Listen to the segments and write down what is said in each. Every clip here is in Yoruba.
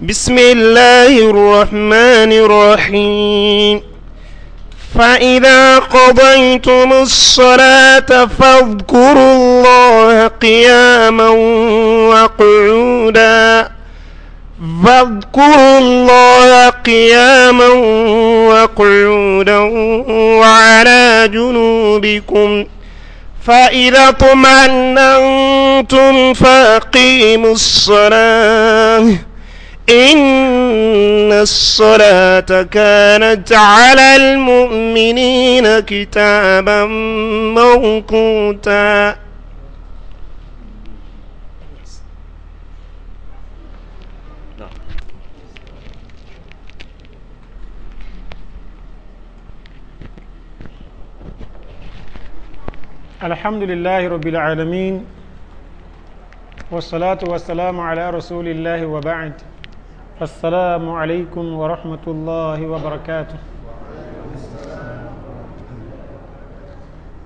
بسم الله الرحمن الرحيم فإذا قضيتم الصلاة فاذكروا الله قياما وقعودا فاذكروا الله قياما وقعودا وعلى جنوبكم فإذا طمأنتم فأقيموا الصلاة إن الصلاة كانت على المؤمنين كتابا موقوتا الحمد لله رب العالمين والصلاة والسلام على رسول الله وبعد السلام عليكم ورحمة الله وبركاته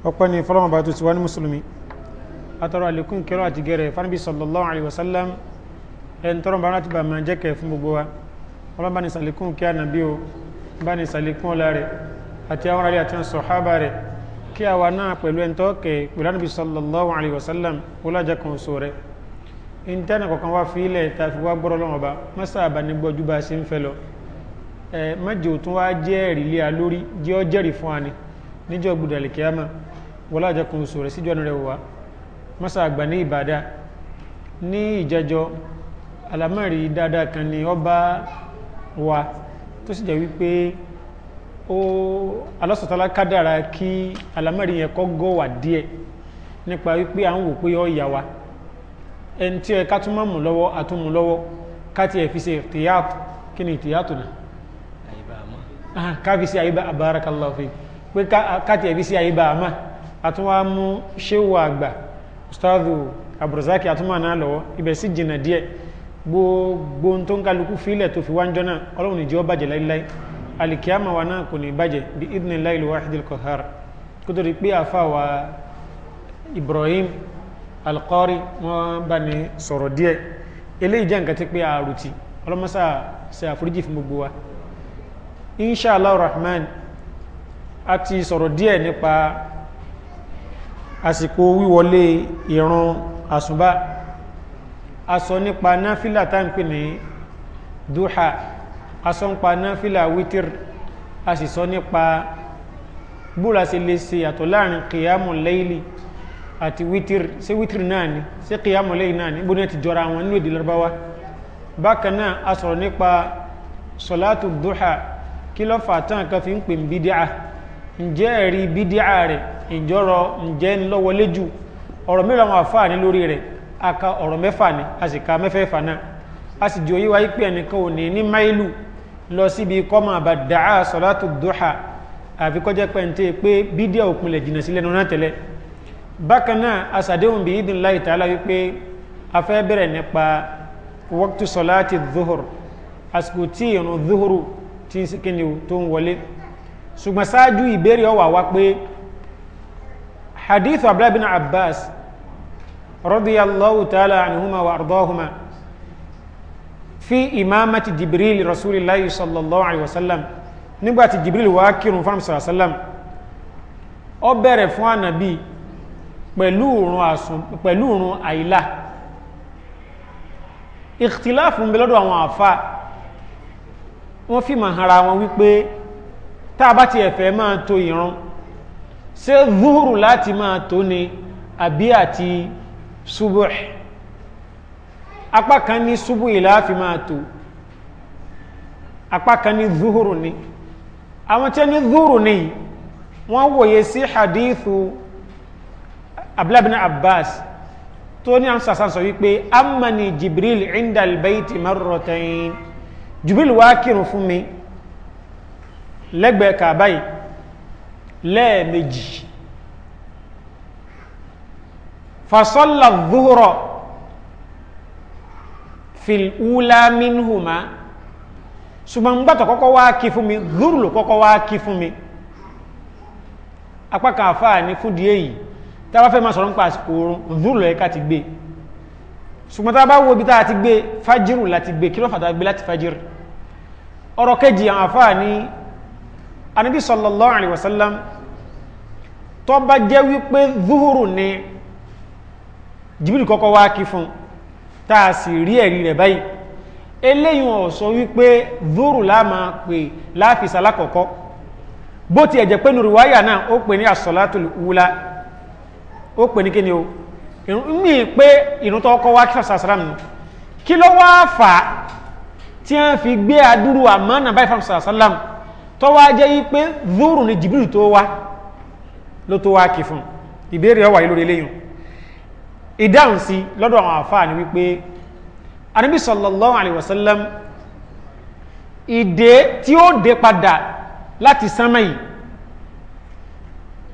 أقواني فلما باتو سواني مسلمي أترى لكم كراءة جيري فنبي صلى الله عليه وسلم ẹni tọrọ bá rántí bá máa jẹ́ kẹ́ fún gbogbo wa ọlọ́run bá ní sàlékún kí ànàbí o bá ní sàlékún ọlá rẹ̀ àti àwọn aráàlú àti àwọn sọ̀hábà rẹ̀ kí àwa náà pẹ̀lú ẹni tọ́ kẹ́ pẹ̀lú ànàbí sallallahu alayhi wa sallam ọlájà kan oṣù rẹ̀ ìntánà kọ̀kan wá fi ilẹ̀ ta fi wá gbọ́rọ̀ lọ́wọ́ bá mọ́sá àbánigbọ́jú bá ṣe ń fẹ́ lọ ẹ mẹ́jọ tún wá jẹ́rìí lé a lórí jẹ́ ọ jẹ́rìí fún wa ni níjọ́ gbùdàlẹ̀ kíámà wọlá àjẹkùn oṣù rẹ̀ síjọ́ rẹ̀ wá mọ́sá àgbà ní ìbàdà ní ìjẹjọ́ àlámọ̀rí dáadáa kan ni ọba wa tó sì jẹ́ wípé ó alọ́sọ̀tàlá kádàrá kí àlámọ̀rí yẹn kọ́ gọ́ wà díẹ̀ nípa wípé à ń wò pé ọ yà wa ẹni tí ẹ ká tún mọ́mù lọ́wọ́ àtúnmù lọ́wọ́ ká ti ẹ̀ fi ṣe tìyàtù kí ni tìyàtù náà ká fi ṣe àyíbá barakallahu fi pé ká mú ṣéwù àgbà ustadu abdulrasaki àtúnmọ̀ náà lọ́wọ́ ibẹ̀ sì jìnnà díẹ̀ gbogbo tó ń kálukú fílẹ̀ tó fi wájọ́ náà ọlọ́run ìjọ bàjẹ́ láíláí alìkíyàmà wa náà kò ní bàjẹ́ bí idhnillahi al Ibrahim alkọ́rí wọ́n bá ní sọ̀rọ̀ díẹ̀ eléyìí jẹ́ nǹkan tí pé àrùtì ọlọ́mọ́sá ṣe àforíjì fún gbogbo wa inshallah rahman a ti sọ̀rọ̀ díẹ̀ nípa àsìkò wíwọlé ìrun àsùbá a sọ nípa náfílà tá ń pè ní duha a sọ nípa náfílà wítìr a sì sọ nípa búra sí lè ṣe àtọ̀ láàrin kìyàmù lẹ́yìnlì Ati wítìr se wítìr nani se ṣé kìyàmù lẹ́yìn náà ni bóni ti jọra wọn nínú èdè Lárúbáwá bákan náà a sọ̀rọ̀ nípa sọ̀látù duha kí ló fà tán kan fi ń pè bídíà ǹjẹ́ ẹ̀rí bídíà rẹ̀ ìjọrọ̀ ǹjẹ́ ńlọ́wọlé jù ọ̀rọ̀ mìíràn àwọn àfáà ní lórí rẹ̀ a ka ọ̀rọ̀ mẹ́fà ni a sì ka mẹ́fẹ̀ẹ̀fà náà a sì jòyí wáyé pé ẹnìkan ò ní ní máìlù lọ síbi kọ́mọ àbàdàá sọ̀látù duha àfikọ́jẹ́ pẹ̀ntẹ́ pé bídíà òpinlẹ̀ jìnnà sílẹ̀ náà tẹ́lẹ̀ bákanáà asàdéhùn bí ìdín láì tààlà wípé a fẹ́ bẹ̀rẹ̀ nípa wọ́ktù sọláti zuhur àsìkò tí ìrun zuhuru tí kíni tó ń wọlé ṣùgbọ́n sáájú ìbéèrè ọwà wá pé hadith abdullahi abbas radiyallahu ta'ala anhuma wa ardahuma fi imamati jibril rasulillahi sallallahu alaihi wasallam nígbàtí jibril wá kírun fún sallam ó bẹ̀rẹ̀ fún ànàbí pẹ̀lú òrùn àsùn pẹ̀lú òrùn àìlà ìkìtìláàfù ń bẹ lọ́dọ̀ àwọn àfà wọ́n fi ma hara wọn wípé tá bá ti ẹ̀fẹ́ máa tó ìran ṣe zuhuru láti máa tó ni àbí àti subuh apá kan ní subuh ìláàfi máa tó apá ní zuhuru ni àwọn tí ní zuhuru ni wọ́n wòye sí hadithu abúlábìnà abbas tó ní àwọn sàsán sọ wípé amani jibril indal bayti marrotain jibril wá kírun fún mi lẹ́gbẹ̀ẹ́ kàbáyì lẹ́ẹ̀mejì fasọ́lá zuhurọ̀ fìlúlá mínhùmá ṣùgbọ́n gbàtọ̀ kọ́kọ́ wá kí fún mi zuhurù kọ́kọ́ wá kí fún mi apákan àfáà ní fún díẹ̀ yìí tábà fẹ́ máa sọ̀rọ̀ nípa àsìkò oorun zúrù lọ́yẹ ká ti gbé ṣùgbọ́n tá a bá wo ibi tá a ti gbé fájírù láti gbé kí ló fàtà gbé láti fájírù ọ̀rọ̀ kejì àwọn àfáà ní anábí sallallahu alaihi wasallam tó bá jẹ́ wípé zúhùrù ni jìbìrì kọ́kọ́ wá kí fún tá bó ti ẹ̀jẹ̀ pé nùrùwáyà náà ó pè ní as-salatul ó pè ní kíni o mí pé ìrún tó kọ́ wá kí sàṣàṣàrà mi kí ló wá fà á tí wọ́n fi gbé àdúrú àmọ́nà báyìí fún sàṣàṣàrà tó wá jẹ́ yí pé zúrù ni jìbìrì tó wá ló tó wá kì fún ìbéèrè ọwà yìí lórí eléyìn ìdáhùn sí lọ́dọ̀ àwọn àfáà ni wípé anábì sallallahu alaihi wasallam ìdè tí ó dé padà láti sánmà yìí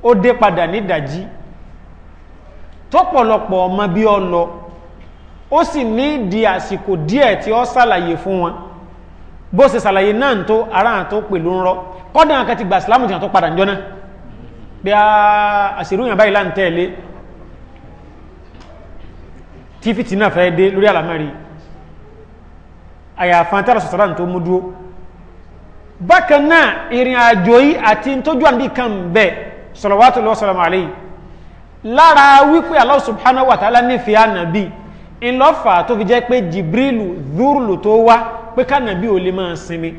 ó dé padà ní ìdajì tọ́pọ̀lọpọ̀ ọmọ bí ọ lọ ó sì ní di àsìkò díẹ̀ tí ó sàlàyé fún wọn bó ṣe sàlàyé náà tó ara hàn tó pè ló ń rọ kọ́dà kan ti gbà sílámù tí wọn tó padà ń jọ́nà bí a àṣírí yàn báyìí láǹtẹ̀lé tí fìtì náà fẹ́ dé lórí àlàmọ́rí àyàfà tẹ́rẹ sọ̀tọ̀rọ̀ tó mú dúó bákan náà ìrìn àjò yìí àti tójú àndí kan bẹ̀ salawatullahi wa salamu alayhi lára wípé Allah subhanahu wa ta'ala nífẹ̀ẹ́ ànàbí ńlọ́fà tó fi jẹ́ pé Jibrilu dhurlu tó wá pé kànàbí ò lè máa sinmi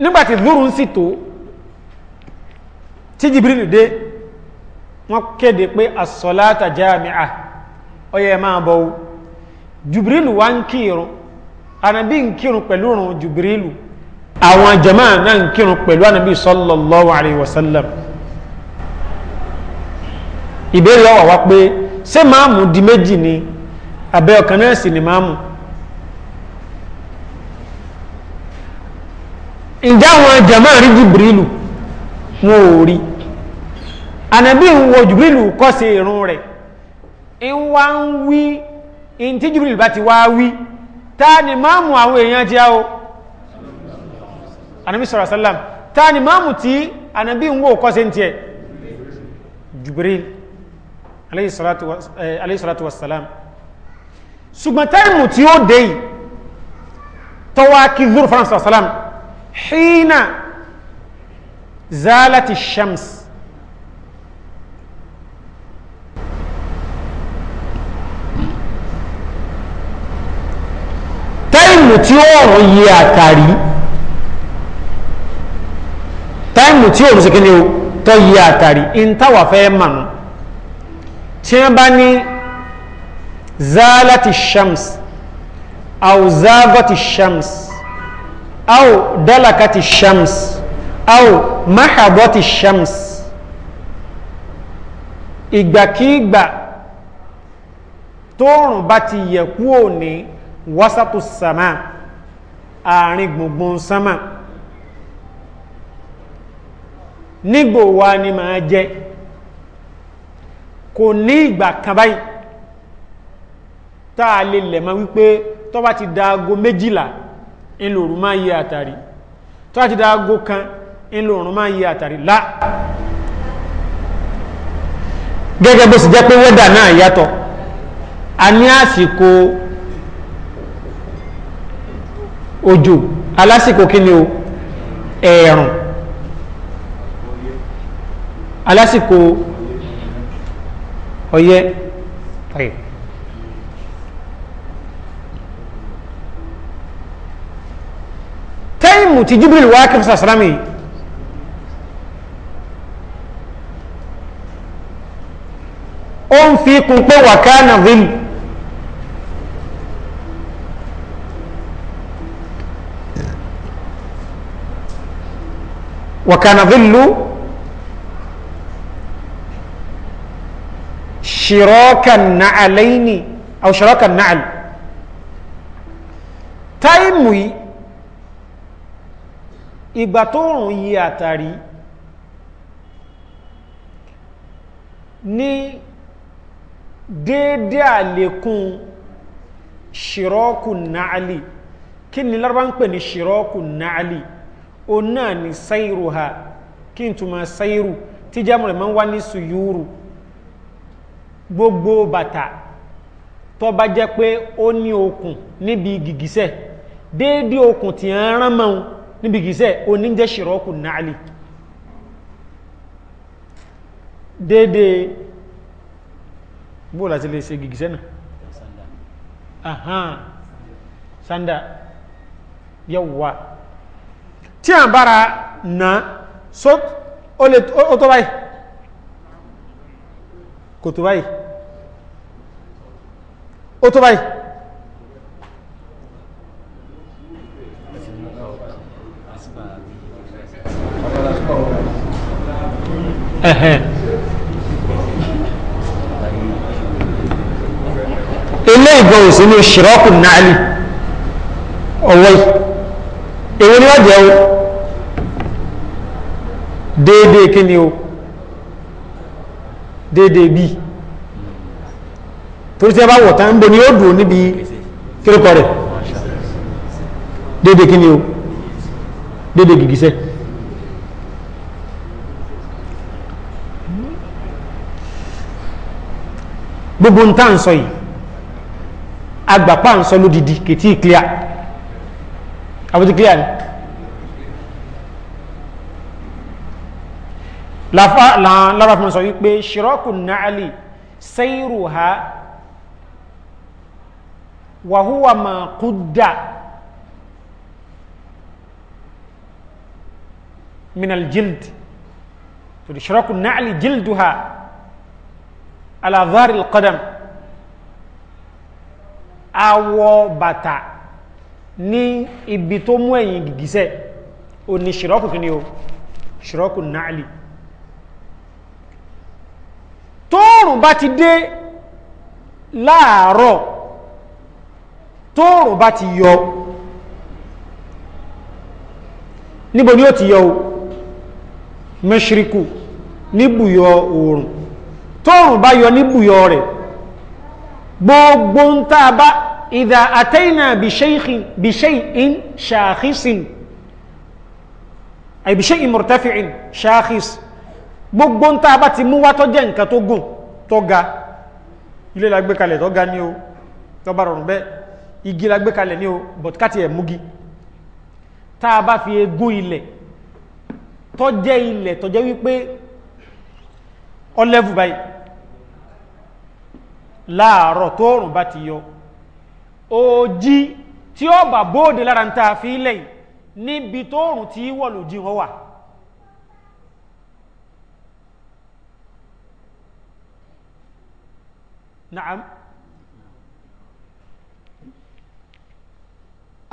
nígbàtí dhurlu ń sì tó tí Jibrilu dé wọ́n kéde pé as-salata jami'ah ọyẹ máa bọ̀ o Jibrilu wá ń kírun ànàbí ń kírun pẹ̀lú òrùn Jibrilu àwọn jama náà ń kírun pẹ̀lú ànàbí sallallahu alayhi ìbéèrè ọ̀wà wá pé ṣé máàmù di méjì ni abẹ́ ọ̀kan náà sì ni máàmù ǹjẹ́ àwọn jàmá rí jìbìrìlù wọn ò rí ànàbí ń wo jìbìrìlù kọ́ sí irun rẹ̀ ń wá ń wí ń tí jìbìrìlù bá ti wá wí ta ni máàmù àwọn èèyàn jẹ́ o ànàbí sọ̀rọ̀ sálàm ta ni máàmù tí ànàbí ń wo kọ́ sí ń tiẹ̀ jìbìrìlù aleyhisalatu eh, wasalam ṣùgbọ́n táìmù tí ó dé tọwákí zuru faransa wasalam hina zalati shams táìmù tí ó rọ̀ yí àtàrí táìmù tí ó rọ̀ sí kí ni ó tọ́ yí àtàrí in táwà fẹ́ mànú tí wọ́n bá ní zalati shams aw zagati shams aw dalakati shams aw mahabati shams ìgbàkígbà tóòrùn bá ti yẹ̀ kúò ní wasatu sama àárín gbùngbùn sama nígbò wa ni máa jẹ́ kò ní ìgbà kan báyìí tá a lè lẹ̀mọ́ wípé tó bá ti da aago méjìlá ńlòrùn máa yẹ àtàrí tó bá ti da aago kan ńlòrùn máa yẹ àtàrí lá gẹ́gẹ́ bó sì jẹ́ pé wẹ́dà náà yàtọ̀ a ní àsìkò òjò alásìkò kí ni o ẹ̀ẹ̀rùn alásìkò Oye. Ahí. táìmù tí jibril wá kí fúsà sàrámì yìí fi kún pé wà ká nà vim wà ṣìrọ́kà nàálẹ́yìnì àwọn ṣìrọ́kà nàálù táìmù yìí ìgbà tó rùn yí àtàrí ní déédé àlékún ṣìrọ́kù náàlì kí ni lárúbá ń pè ní ṣìrọ́kù náàlì o náà ni sairu ha kí n túnmọ̀ sairu tí jámù rẹ̀ máa wá ní suyúrù gbogbo bàtà tó bá jẹ́ pé ó ní okùn níbi gìgísẹ̀ déédé okùn tí ń rán mọ́ níbi gìgísẹ̀ oníjẹ́ ṣìrọ́kù náàlì déédé bó láti lè ṣe gìgísẹ̀ náà ahán sanda yawwa tí a bára na so ó tó báyìí kò tó báyìí ó tó báyìí ilé ìgbọ̀n òsínú ṣìrọ́kù náàlì ọ̀wọ́ èwo ni wọ́n jẹ́ o déédéé kí ni o déédéé bíi torí tí a bá wọ̀ tán ń bo ni ó dùn níbi kírókọ rẹ̀ dédé kí ni o dédé gìgísẹ́ gbogbo ń tá ń sọ yìí agbàpá ń sọ lódìdí kìtì ìkíyà àbútí kíyà ni lára fún sọ wípé ṣirọ́kù náà lè sẹ́yìrù ha wàhúwà máa kú dà minal jild tudishraku na'li jilduha ala dhari alqadam awọ bàtà ní ibi tó mú ẹ̀yìn gìgísẹ̀ o ni ṣìrọ́kù kí ni o ṣìrọ́kù náàlì tóòrùn bá ti dé láàárọ̀ tóòrùn bá ti yọ níbo ni ó ti yọ o mẹ́ṣíríkù níbùyọ oòrùn tóòrùn bá yọ níbùyọ rẹ̀ gbogbo ń tá a bá ìdá àtẹ́yìnà bìṣẹ́yìn ṣàkísìn àìbìṣẹ́yìn mọ̀rọ̀tẹ́fìín ṣàkís gbogbo ń tá a ti mú wá jẹ́ nǹkan tó gùn tó ga ilé la tó ga ní o tó bá rọrùn bẹ́ẹ̀ igi la gbé kalẹ̀ ní o but káti ẹ̀ múgi tá a bá fi egún ilẹ̀ tọ́jẹ́ ilẹ̀ tọ́jẹ́ wípé ọlẹ́vù báyìí láàárọ̀ tó rùn bá ti yọ òjì tí ó bà bóòdè lára ń ta fi ilẹ̀ níbi tó rùn tí wọ̀ lòjì wọn wà na'am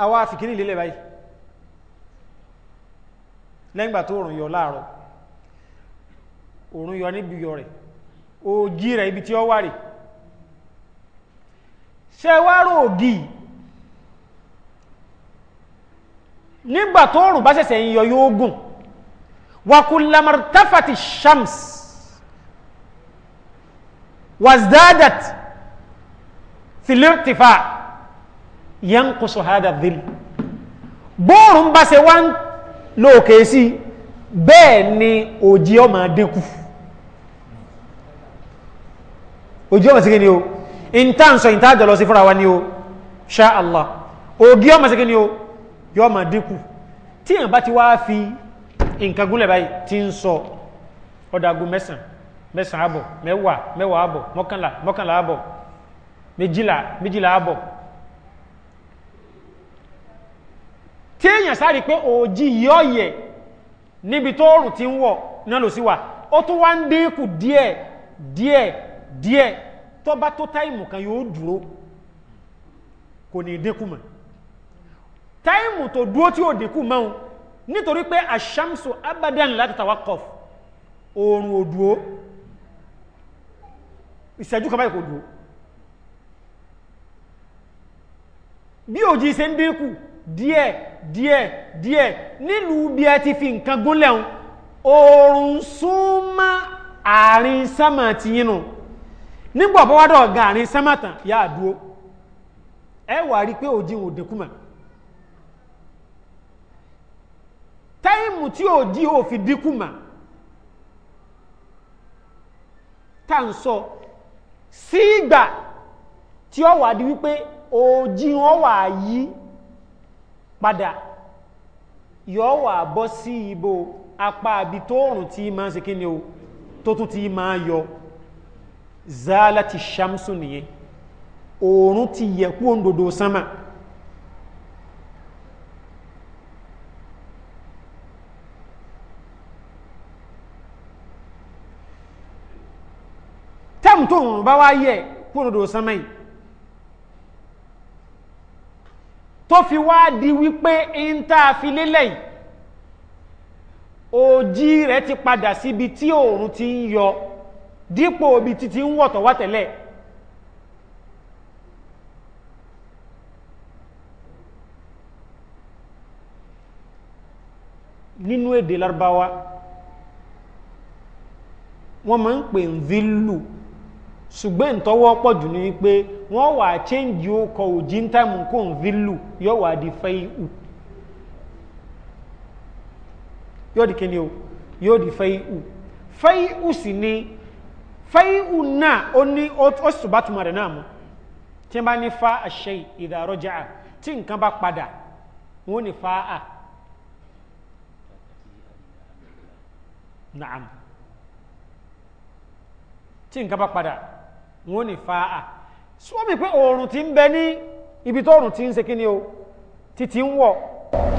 àwa fìkírí ìlélẹ̀ báyìí lẹ́gbà tó òrùn yọ láàárọ̀ òrùn yọ níbi yọ rẹ̀ ògì rẹ̀ ibi tí ó wà rẹ̀ ṣe wá rò ògì nígbà tó òrùn bá ṣẹ̀ṣẹ̀ yíyọ yóò gùn wakullamartafati shams wazdadat filirtifa' yankusu hada dhil bóòrùn bá se wá lóòkè sí bẹ́ẹ̀ ni òjì ọmọ dínkù òjì ọmọ síkí ni o ìntà ń sọ ìntà àjọlọ sí fúnra wa ni o ṣá Allah ògì ọmọ síkí ni o yọ ọmọ dínkù tí èèyàn bá ti wá fi nǹkan gúnlẹ̀ báyìí ti ń sọ ọ̀dàgùn mẹ́sàn mẹ́sàn àbọ̀ mẹ́wàá mẹ́wàá àbọ̀ mọ́kànlá mọ́kànlá àbọ̀ méjìlá méjìlá àbọ̀ tí èyàn sáré pé òjì yọ́yẹ̀ níbi tó rùn ti ń wọ̀ náà ló sí wà ó tún wá ń dínkù díẹ̀ díẹ̀ díẹ̀ tó bá tó táìmù kan yóò dúró kò ní dínkù mọ́ táìmù tó tí ò dínkù mọ́ nítorí pé àṣàmsù abadan láti tawakọf oòrùn ò ìṣẹ́jú kan báyìí kò bí díẹ̀ díẹ̀ nílùú bí ẹ ti fi nǹkan gúnlẹ̀ ń oòrùn súnmọ́ àárín sámà ti yínú nígbà bọ́ wádọ̀ àárín tàn yá ẹ wà rí pé òjì ò dínkùmọ̀ táìmù tí òjì ò fi dínkùmọ̀ tá ń sọ sí tí ó wà di wípé òjì wọn wà padà yóò wà bọ́ sí ibo apá àbí tóòrùn tí ma ń se kí ni o tó tún ti ma yọ zala ti ṣamsu nìyẹn oòrùn ti yẹ òǹdòdó sánmà tẹ́mù tóòrùn bá wá yẹ kú òǹdòdó sánmà yìí tó fi wá di wípé ń tá a fi lélẹ̀ yìí òjì rẹ̀ ti padà síbi tí òòrùn ti ń yọ dípò ibi títí ń wọ̀tọ̀ wá tẹ́lẹ̀ nínú èdè Lárúbáwá wọ́n máa ń pè ń zílù ṣùgbọ́n ntọwọ pọ̀ jù ní pé wọ́n wà change ọkọ̀ òjì ń tàìmù vilu yóò wà di fẹ́ ihù yóò di kíni o yóò di fẹ́ u fẹ́ sì ni fẹ́ u náà ó ní ó sì bá túmọ̀ rẹ̀ náà mú tí wọ́n bá ní fa àṣẹ ìdàrọ́jà tí nǹkan bá padà naam tí nǹkan bá padà wọ́n ní fa à sọ mi pé oòrùn ti ń bẹ ní ibi tó oòrùn ti ń ṣe kí ni o ti ti ń wọ̀.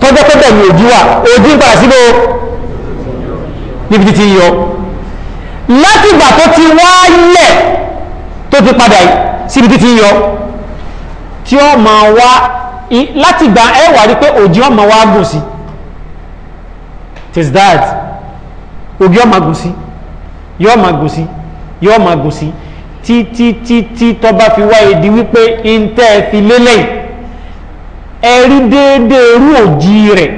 tọ́jọ́ tó bẹ̀ ní ojú wa ojú ń padà síbò níbi ti yọ látìgbà tó ti wá lẹ̀ tó ti padà síbi ti yọ tí ó ma wá látìgbà ẹwà rí pé òjì ó ma wá gùn sí tis that òjì ó ma gùn sí yóò ma gùn sí yóò ma gùn sí títí títí tọba fi wáyé di wípé ntẹ́ fi lélẹ̀ ẹ̀rí déédéé rú òjì rẹ̀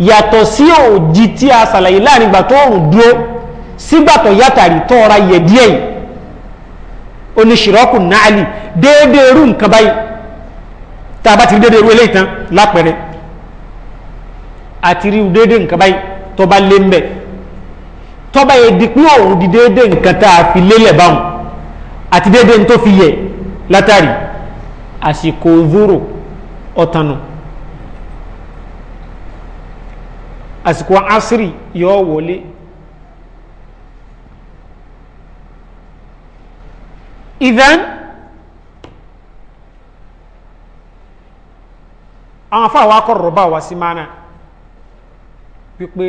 yàtọ̀ sí òjì tí a ṣàlàyé láàrin ìgbà tó òrùn dúró sígbàtọ̀ yàtàrí tó ọra yẹ díẹ̀ yìí oníṣìrọ́kù náàlì déédéé rú nǹkan báyìí tá a bá ti rí déédéé rú eléyìí tán lápẹẹrẹ àti rí déédéé nǹkan báyìí tọba lé ń bẹ tọba yẹ di òun di déédéé nǹkan tá a fi lélẹ̀ báwọn àti déédéé tó fi yẹ látàrí àsìkò zoro ọ̀tànù àsìkò asiri yóò wọlé ìdán àwọn afáwọn akọrọ̀rọ̀ bá wá sí mánà wípé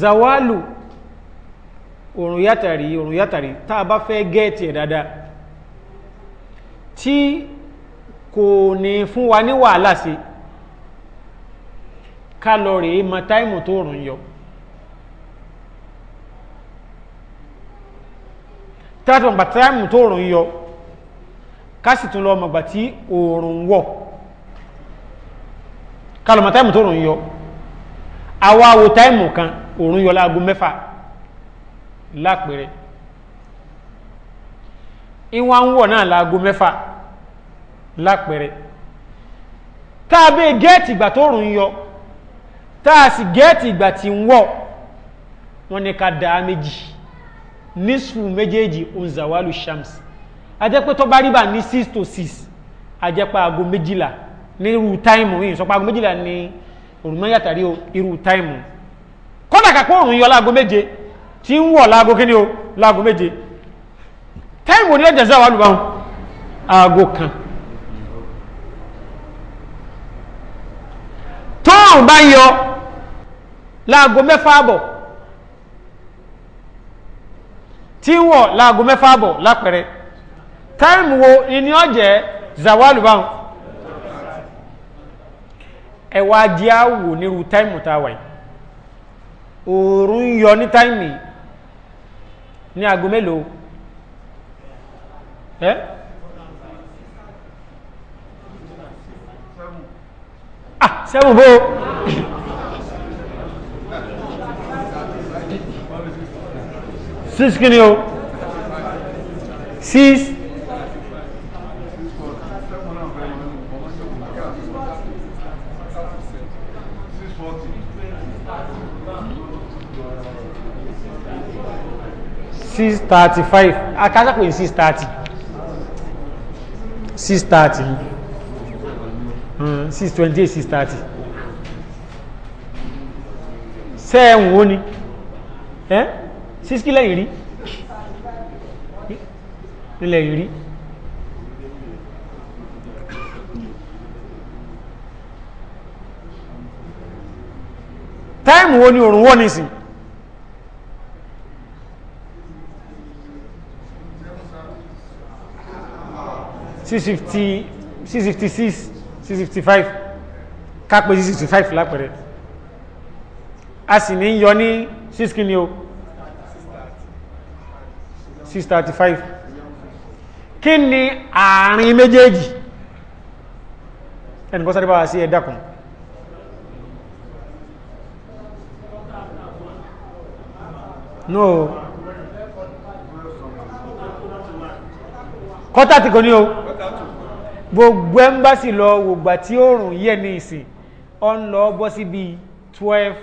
zawalu òrùn yàtàrí òrùn yàtàrí tá a bá fẹ́ gẹ́ẹ̀tì ẹ̀ dáadáa tí kò ní fún wa ní wàhálà sí kálọ̀rì ma táìmù tó òrùn yọ tátùmọ̀ gbà táìmù tó òrùn yọ kásì tún lọ mọ̀gbà tí òrùn wọ̀ kálọ̀mọ̀ táìmù tó òrùn yọ àwa táìmù kan òrùn yọ láago mẹ́fà lapere ìwọ̀n wọ̀ náà mẹfa mẹ́fà lápẹẹrẹ tàbí gẹ́ẹ̀tì ìgbà tó rùn yọ tàà sì gẹ́ẹ̀tì ìgbà tí ń wọ̀ wọ́n ká méjì nísù méjèèjì shams ajẹ́pẹ́ tó bá rí bà ní 6 to 6 ajẹ́pẹ́ aago méjìlá ní irú táìmù yìí sọpá aago méjìlá ní irú tí ń wọ̀ láago kí ni o láago méje táìmù onílẹ̀ jẹ̀sẹ̀ àwọn alùbáhùn aago kan tóun bá yọ láago mẹ́fà àbọ̀ tí ń wọ̀ láago mẹ́fà àbọ̀ lápẹ̀rẹ̀ táìmù wo ni ó jẹ́ zawalu báhùn ẹwà díà wò nírú táìmù táwà yìí òòrùn yọ ní táìmù ní aago mélòó ẹ́ ah sẹ́wọ̀n bó six kí ni o six thirty five akásàpè ní six thirty six thirty hmm, six twenty six thirty sẹ́ẹ̀wọ̀n ó ní ẹ́ six kílẹ̀ yìí rí nílẹ̀ yìí rí táìmù wo ni òrùn wọ́n nísìn 650 656 655 kápẹ́ 655 lápẹ̀rẹ̀ a sì ní yọ ní 6 kí ni o 635 kí ni àárín méjèèjì ẹnìkan sáré bá wá sí ẹ̀dá kan no kọ́tà tí kò ní o gbogbo ẹ́mbásì lọ wògbà tí oòrùn yẹ ní ìsìn ọ ń lọ bọ́ sí bí 1240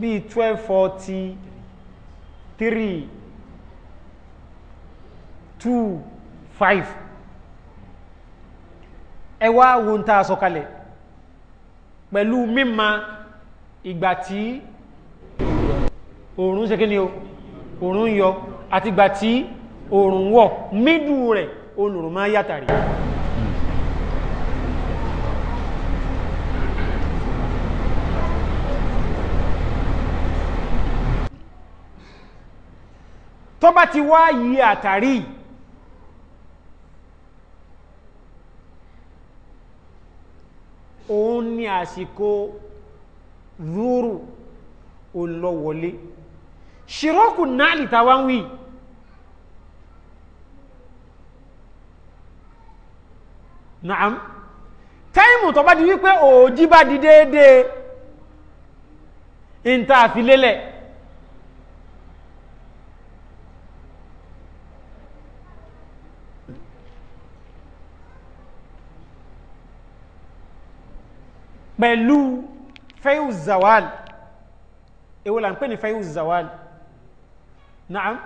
bí 1243 2 5 ẹ wá wo ń ta sọ̀kalẹ̀ pẹ̀lú mímọ̀ ìgbà tí oòrùn ṣe kí ni o òrùn yọ àtìgbà tí òrùn wọ̀ mídù rẹ̀ olùrùn máa yàtàrí tó bá ti wá yí àtàrí òun ni àsìkò rúrù olówọlé ṣìrọ́kù náàlì tàwa ń wí naam táìmù tó bá di wípé òòjí bá di déédéé ìntà àfilélẹ̀ pẹ̀lú fẹ́yù zawal èwo là ń pè ní fẹ́yù na'am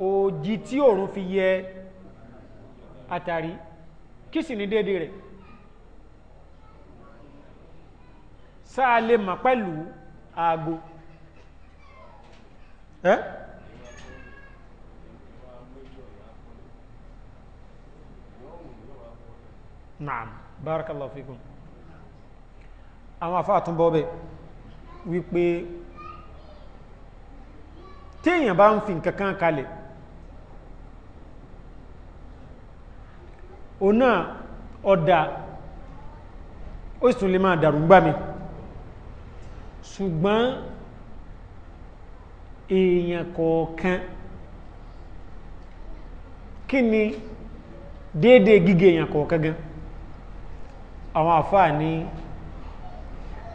òjì tí òòrùn fi yẹ àtàrí kí sì ní dédé rẹ̀ sáà lè mọ̀ pẹ̀lú aago ẹ́ naam barakallahu fikum àwọn afáàtúnbọ̀ bẹ̀ wípé téèyàn bá ń fi nǹkan kan kalẹ̀ òun náà ọ̀dà ó sì tún lè máa dàrú gbá mi ṣùgbọ́n èèyàn kọ̀ọ̀kan kí ni déédéé gígé èèyàn kọ̀ọ̀kan gan àwọn àfáà ní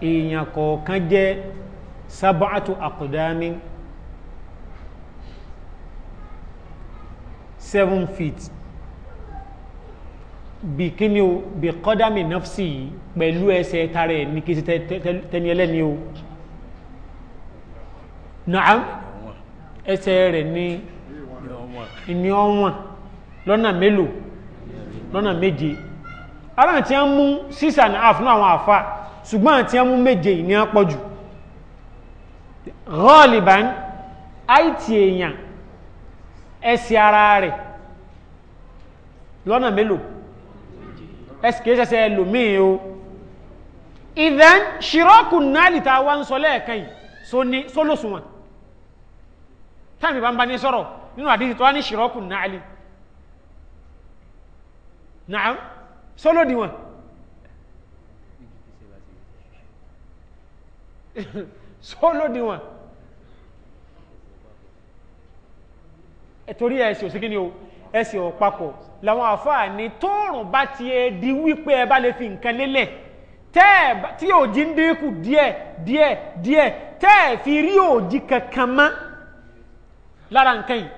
èèyàn kọ̀ọ̀kan jẹ́ sábàtú àkùdámi seven feet bí kíni o bí kọ́dámì nọ́fsì yìí pẹ̀lú ẹsẹ̀ tara ẹ̀ ní kí sí tẹni ẹlẹ́ni o náà ẹsẹ̀ rẹ̀ ní ìní ọ̀wọ̀n lọ́nà mélòó lọ́nà méje ara àti a mú six and a àwọn àfà ṣùgbọ́n àti a mú méje ìní àpọ̀jù rọ́ọ̀lì bá ń àìtì èèyàn ẹsẹ̀ ara rẹ̀ lọ́nà mélòó ẹsẹ̀ kìí ṣẹṣẹ ẹlòmíì o ìdán ṣìrọ́kù náàlì tá a wá ń sọ lẹ́ẹ̀kan yìí so ní sólòsùnwọ̀n táàmì bá ń bá ní sọ̀rọ̀ nínú àdíjì tó wá ní ṣìrọ́kù náàlì náà torí ẹ̀sìn òsìkí ni o ẹ̀sìn ọ̀pápọ̀ làwọn àfáà ní tóòrùn bá ti ẹ di wípé ẹ bá lè fi nǹkan lélẹ̀ tẹ́ẹ̀ tí òjì ń dínkù díẹ̀ díẹ̀ díẹ̀ tẹ́ẹ̀ fi rí òjì kankan mọ́ lára nǹkan yìí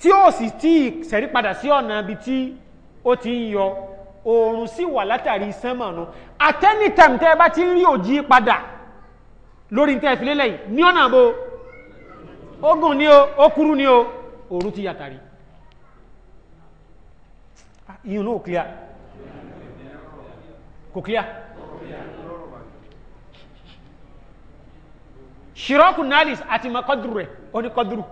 tí ó sì tí ìṣẹ̀rí padà sí ọ̀nà ibi tí ó ti ń yọ oòrùn sì wà látàrí sánmọ̀nà at time tẹ́ ẹ bá ti ń rí òjì padà lórí tẹ́ẹ̀ fi lélẹ̀ yìí ní ọ̀nà àbò ogun ni o ó kúrú ni o òru ti yàtàrí yìí ló clear kò clear ṣìrọ́kù nalis àti makọ́dùrù rẹ̀ oníkọ́dùrù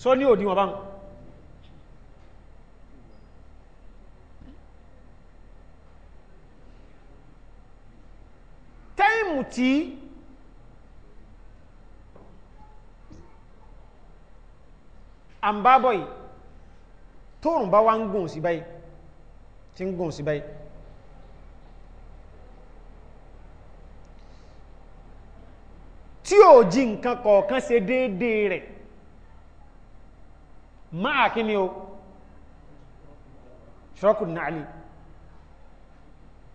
só ní òdíwọ̀n báhùn tẹ́ìmù tí à ń bá bọ̀ yìí tóòrùn bá wá ń gùn sí báyìí tí ń gùn sí báyìí tí ò jí nǹkan kọ̀ọ̀kan ṣe déédéé rẹ̀ máa kí ni o ṣọ́kù náàlì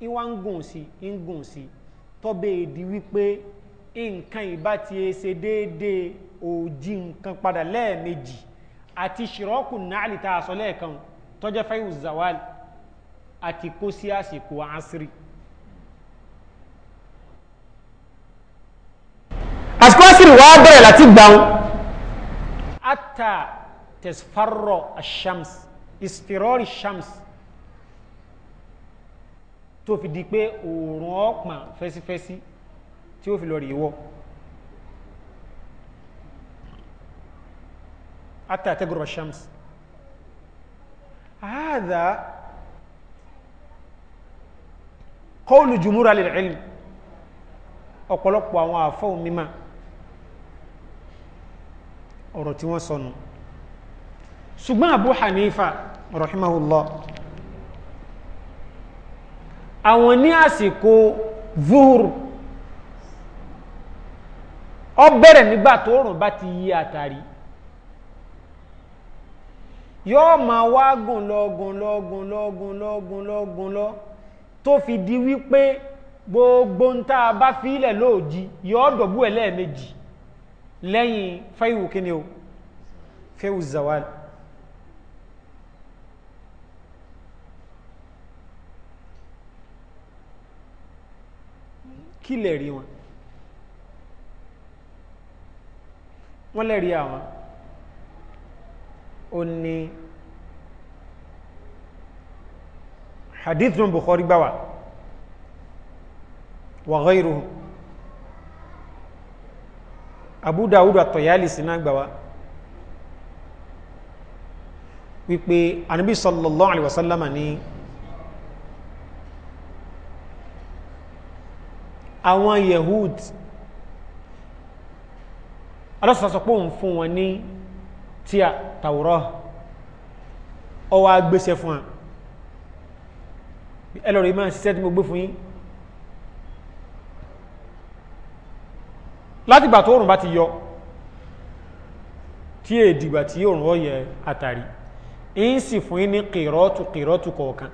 ìwá ń gùn sí ń gùn sí tọ́bẹ̀ èdè wípé nǹkan ìbá ti ṣe déédéé òjì nǹkan padà lẹ́ẹ̀mejì àti ṣìrọ́kù náàlì tá a sọ lẹ́ẹ̀kan tọ́jẹ́ fẹ́yù zawal àti kó sí àsìkò àásírì àsìkò àásírì wá bẹ̀rẹ̀ láti gbàun ata tesfarro ashams istirori shams tó fi di pé òòrùn ọ̀pọ̀n fẹ́sífẹ́sí tí ó fi lọ rí wọ́ حتى تقرب الشمس هذا قول جمهور اهل العلم ọ̀pọ̀lọpọ̀ àwọn àfọ́ mímá ọ̀rọ̀ tí wọ́n sọnù ṣùgbọ́n Abu Hanifa rahimahullah àwọn ní àsìkò zuhur ó bẹ̀rẹ̀ nígbà tó rùn bá ti yí àtàrí yóò máa wá gùn lọ gùn lọ gùn lọ gùn lọ gùn lọ gùn lọ tó fi di wípé gbogbo ń tá a bá fi ilẹ̀ lóòjì yóò dọ̀bú ẹ̀ lẹ́ẹ̀mejì lẹ́yìn fáìwù kíni o fẹ́wù zawal kí lẹ̀rí wọn wọ́n lẹ̀rí àwọn ó ní hadithun bukhari gbawa wa ghayruhu abu dawud at-tayalisi na gbawa wípé anabi sallallahu alaihi wasallama ni àwọn yehud alọ́sọ̀sọ̀pọ̀ ń fún wọn ní tí a tàwùrọ̀ ọwọ́ agbésẹ̀ fún wọn ẹlọ́rọ̀ ìmọ̀ ṣiṣẹ́ tí mo gbé fún yín láti gbà tó òrùn bá ti yọ tí è dìgbà tí òrùn ó yẹ àtàrí ń sì fún yín ní kìrọ́tù kìrọ́tù kọ̀ọ̀kan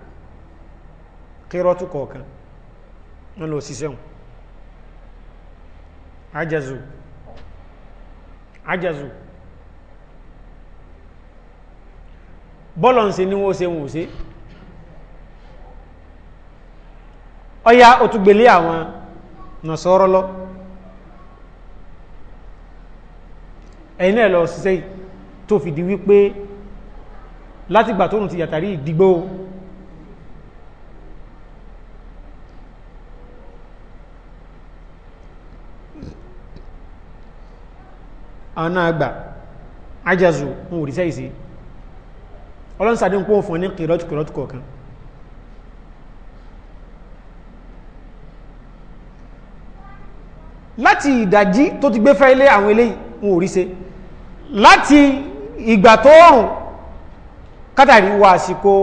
kìrọ́tù kọ̀ọ̀kan wọn lọ ṣiṣẹ́ wọn ajazu ajazu bọ́lọ̀ ń ṣe ní wọ́n ṣe wọ́n ṣe ọya òtúgbèlé àwọn nàṣọ́rọ́ lọ ẹ̀yìn náà lọ síṣẹ́ tó fìdí wípé látìgbà tóòrùn ti yàtàrí ìdígbò àwọn àgbà ajazu ń wùrí sẹ́ìsí ọlọ́nsàdínkú fún ní kìrọ́tù kìrọ́tù kọ̀ọ̀kan láti ìdajì tó ti gbé fẹ́ ilé àwọn ilé wọn ò rí ṣe láti ìgbà tó rùn kátàrí wà àsìkò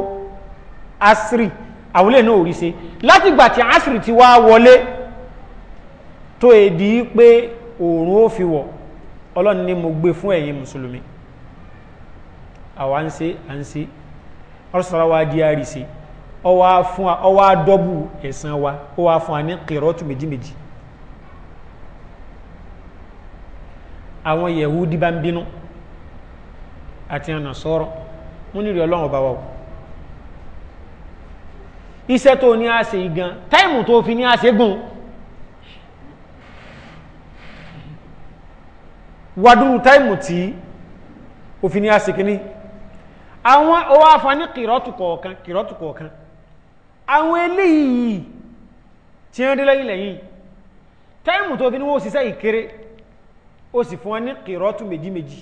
asiri àwọn ilé náà ò rí ṣe láti ìgbà tí asiri ti wá wọlé tó èdí e pé òòrùn ó fi wọ̀ ọlọ́run ni mo gbé fún ẹ̀yin mùsùlùmí àwa ń ṣe à ń ẹ̀sán wa ó wá fún wa ní kìrọ́tù méjìméjì àwọn yẹ̀wúdí bá ń bínú àti ọ̀nà sọ́rọ̀ wọ́n nílò ọlọ́run ọba wa o iṣẹ́ tó ní àṣẹ igan táìmù tó fi ní àṣẹ gùn wàdúrú táìmù tí ó fi ní àṣẹ kìíní àwọn owó àfàní kìrọ́tù kọ̀ọ̀kan kìrọ́tù kọ̀ọ̀kan àwọn eléyìí tí wọ́n dé lẹ́yìn lẹ́yìn táìmù tó fi ní wọ́n òṣìṣẹ́ ìkéré ó sì fún wọn ní kìrọ́tù méjì méjì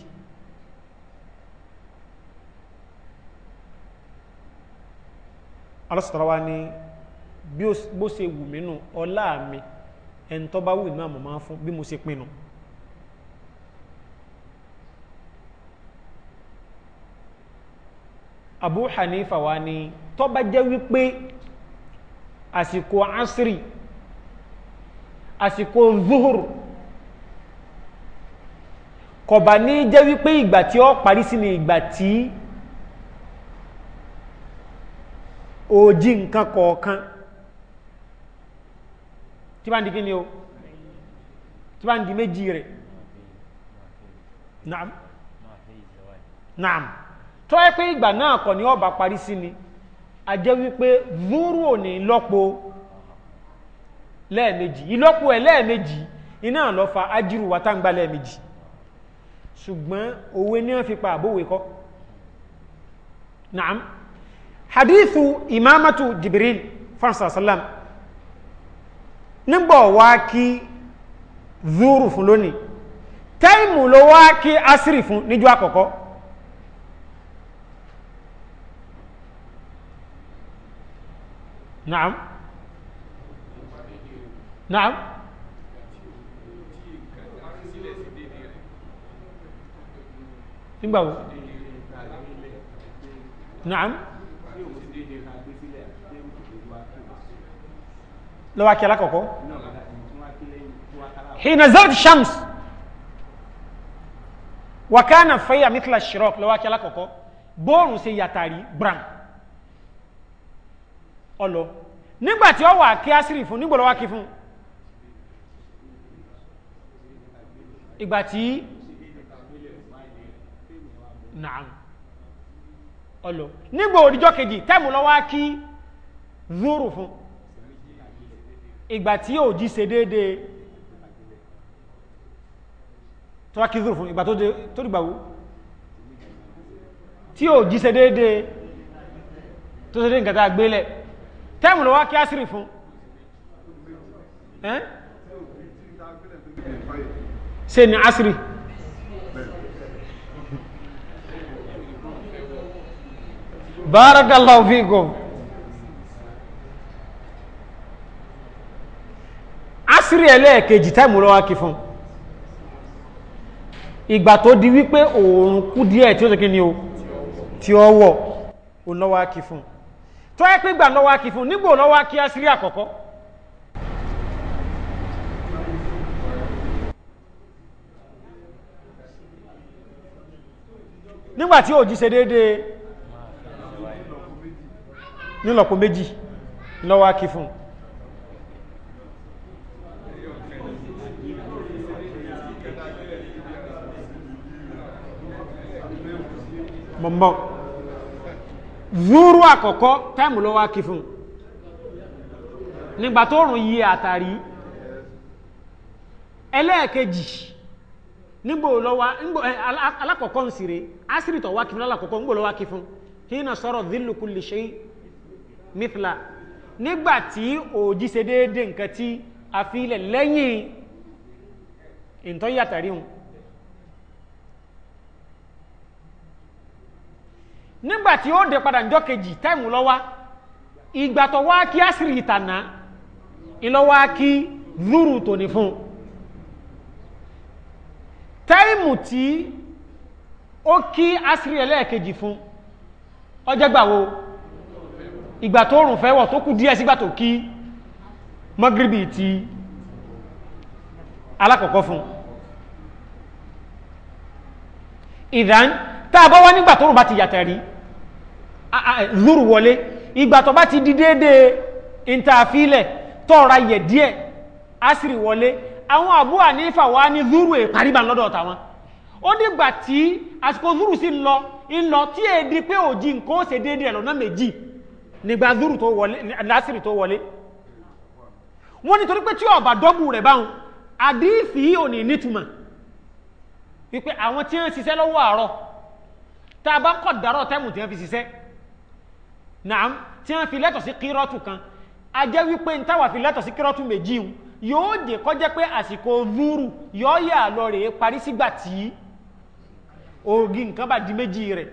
alásọ̀tara wa ni bó ṣe wù mí nù ọlá mi ẹni tó bá wù mí àmọ́ máa fún bí mo ṣe pinnu Abu Hanifa wa ni tó bá jẹ́ wípé àsìkò asiri àsìkò zuhur kọ̀bà ní jẹ́ wípé ìgbà tí ó parí sí ni ìgbà tí òjì nǹkan kọ̀ọ̀kan tí bá ń di kí ni o tí bá ń di méjì rẹ̀ naam naam tó ẹ pé ìgbà náà kọ̀ ní ọba parí sí ni a jẹ́ wípé zúrù ò ní lọ́pọ̀ lẹ́ẹ̀mejì ìlọ́pọ̀ ẹ̀ lẹ́ẹ̀mejì iná lọ́fà ájírù wátángbà lẹ́ẹ̀mejì ṣùgbọ́n òwe ní wọ́n fi pa àbúwé kọ́ naam hadithu imamatu jibril fansa salam nígbà wá kí zuru fún lónìí táìmù ló wá kí asiri fún níjọ́ àkọ́kọ́ naam naam nígbàwó naam lọ́wọ́ akí alákọ̀ọ́kọ́ hina zard shams wakana fẹ́yà mithla shirok lọ́wọ́ akí alákọ̀ọ́kọ́ bóòrùn ṣe yàtàrí bram ọlọ nígbàtí ọ wà kí asiri fún nígbòlọ́wà kí fún ìgbàtí naam ọlọ nígbà òdìjọ́ kejì tẹ́mù lọ́wọ́ kí zúrù fún ìgbà tí yóò jí ṣe déédé tọ́wọ́ kí zúrù fún ìgbà tó dìgbàwó tí yóò jí ṣe déédé tó ṣe dé nǹkan tá a gbélẹ̀ tẹ́mù lọ́wọ́ kí ásírì fún ṣe ni ásírì بارك الله فيكم asiri ẹlẹ́ẹ̀kejì táìmù lọ́wọ́ kí fún ìgbà tó di wípé òòrùn kú díẹ̀ tí ó tẹ́kí ni o tí ó wọ̀ o lọ́wọ́ kí fún tó ẹ́ pé gbà lọ́wọ́ kí fún nígbò asiri àkọ́kọ́ nigbati òjì ṣe déédéé nílọ̀pọ̀ méjì lọ́wọ́ akí fún mọ̀mọ̀ zúúrú àkọ́kọ́ táìmù lọ́wọ́ akí fún nígbà tó rùn yí àtàrí ẹlẹ́ẹ̀kejì nígbò lọ́wọ́ alákọ̀ọ́kọ́ ń sire asìrìtọ̀ wákí fún alákọ̀ọ́kọ́ ń lọ́wọ́ fún sọ́rọ̀ mithla nígbà tí òjì ṣe déédé nǹkan tí a fi ilẹ̀ lẹ́yìn ìntọ́ yàtàrí hun nígbà tí ó dé padà njọ́ kejì táìmù lọ́wá ìgbà tó wá kí àṣírí ìtànà ìlọ́wá kí zúrù tó ní fún táìmù tí ó kí àṣírí ẹlẹ́ẹ̀kejì fún ọjọ́gbàwó ìgbà tó rùn fẹ́wọ̀ tó kù díẹ̀ sígbà tó kí mọ́gíríbì ti alákọ̀ọ́kọ́ fún ìdán tá a bọ́ wá nígbà tó rùn bá ti yàtẹ̀ rí lúrù wọlé ìgbà tó bá ti di déédéé ìntàfílẹ̀ tọ́ra yẹ̀ díẹ̀ asìrì wọlé àwọn àbú ànífà wá ní lúrù èparíbà lọ́dọ̀ tàwọn ó dìgbà tí àsìkò lúrù sí lọ ń tí èdè pé òjì nǹkan ó ṣe déédéé lọ́nà méjì nígbà zuru tó wọlé lásìrì tó wọlé wọ́n ni torí pé tí ọba dọ́bù rẹ̀ báhùn àdífì yìí ò ní nítumọ̀ wípé àwọn tí ń ṣiṣẹ́ lọ́wọ́ àárọ̀ tá a bá kọ̀ dárọ̀ tẹ́mù tí wọ́n fi ṣiṣẹ́ náà tí wọ́n fi lẹ́tọ̀ sí kírọ́tù kan a jẹ́ wípé ń táwà fi lẹ́tọ̀ sí kírọ́tù méjì hun yóò jẹ́ kọjẹ́ pé àsìkò zuru yóò yà lọ rèé parí sígbà tí ògì nǹkan bá di méjì rẹ̀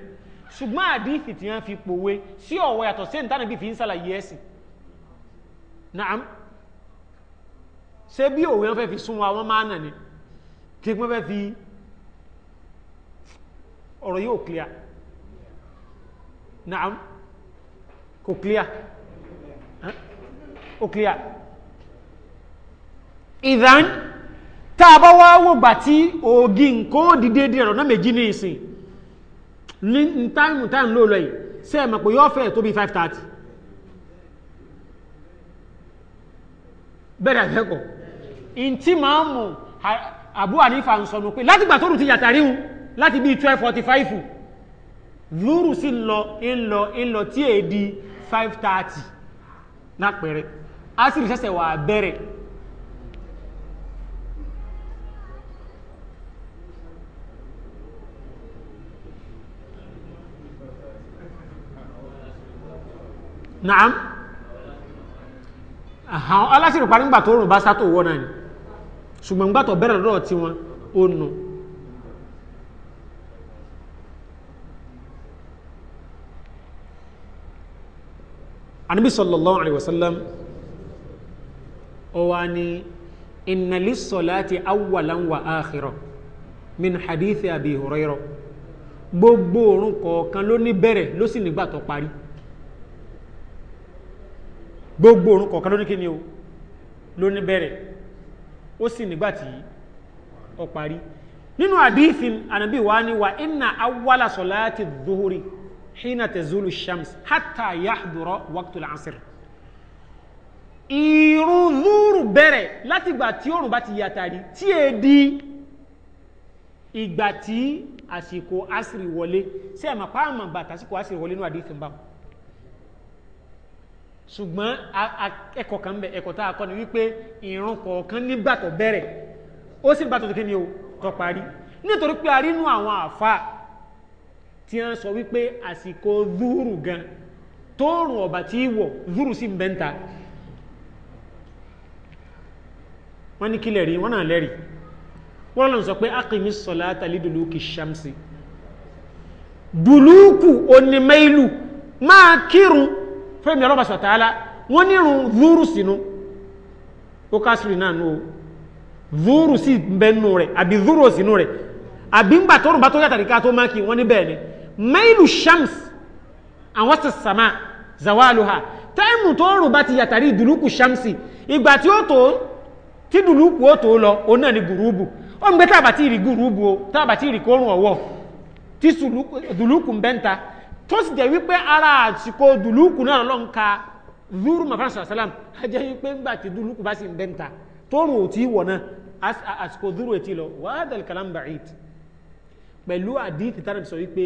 ṣùgbọ́n àdífì tí wọ́n fi pòwe sí ọ̀wọ́ yàtọ̀ sí ìtànà bí fi ń sàlàyé ẹ̀sìn naam ṣe bí òwe wọn fẹ́ fi sún wa wọ́n máa nà ní kí wọ́n fẹ́ fi ọ̀rọ̀ yóò clear naam kò clear ó clear ìdán tá a bá wá wò tí ògì nǹkan dìde dìrọ̀ náà méjì ní ìsìn ní táìmù táìmù ló lọ yìí ṣe é mọ̀ fẹ́ tó bí five thirty bẹ́ẹ̀ dàbẹ́ kọ̀ ntí Abu Hanifa ń sọnù pé látìgbà tó rù ti yàtà láti bí twelve forty five lúrù sí lọ tí five thirty wà naam àwọn alásìrò parí ńgbà tó rùn bá sátò wọ́n náà ni ṣùgbọ́n ńgbà tó bẹ̀rẹ̀ lọ́dọ̀ tí wọn ó nu anabi sallallahu alaihi wasallam ó wá ní inna lissolati awwalan wa akhira min hadithi abi hurairah gbogbo orun kọ̀ọ̀kan ló ní bẹ̀rẹ̀ ló sì nígbà tó parí gbogbo orun kọ̀ọ̀kan ló ní kíni o ló ní bẹ̀rẹ̀ ó sì nígbàtí ó parí nínú àdífin ànábì wa ni wa inna awwala salati dhuhuri hina tazulu shams hatta yahdura waqtul asr ìrun zuhuru bẹ̀rẹ̀ láti ìgbà tí òrùn bá ti yàtàrí tí è di ìgbà tí àsìkò asiri wọlé sí ẹ̀mà pàmà bàtà àsìkò asiri wọlé nínú àdífin báwọn ṣùgbọ́n ẹ̀kọ́ kan bẹ̀ ẹ̀kọ́ tá a kọ́ ni wípé ìran kọ̀ọ̀kan nígbà tó bẹ̀rẹ̀ ó sì bá tó kí ni o tó parí nítorí pé a rí inú àwọn àfa tí wọ́n sọ wípé àsìkò zúrù gan tóòrùn ọ̀bà tí wọ̀ zúrù sí bẹ́ńta wọ́n ní kílẹ̀ rí wọ́n náà lẹ́rìí wọ́n lọ́nà sọ pé akimi sọ̀láta lídùlúkì ṣamsi dùlúkù onímẹ́ìlú máa kírun fẹ́mi ọlọ́ba sọ̀tàálá wọ́n nírun zúrù sínú ó kásìrì náà nù o zúrù sí bẹ́nu rẹ̀ àbí zúrù sínú rẹ̀ àbí ńgbà tó rùn bá tó yàtàrí ká tó má kí wọ́n ní bẹ́ẹ̀ ni mẹ́ìlù shams àwọn sì sàmà zawaluha táìmù tó rùn bá ti yàtàrí dùlùkù shamsi ìgbà tí ó tó tí dùlùkù ó tó lọ òun náà ni gùrúbù ó ń gbé tábà tí ì gùrúbù o tábà tí ì rí kórùn ọ̀wọ́ tí dùlùkù ń bẹ́ńta tó sì jẹ́ wípé ara àsìkò dùlúkù náà lọ́n ka zuru mafan sàlám a jẹ́ wípé ńgbà tí dùlúkù bá sì ń bẹ́ńta tó rò tí wọ̀ náà àsìkò zuru etí lọ wàhádàl kalam ba'id pẹ̀lú àdíìtì tánà sọ wípé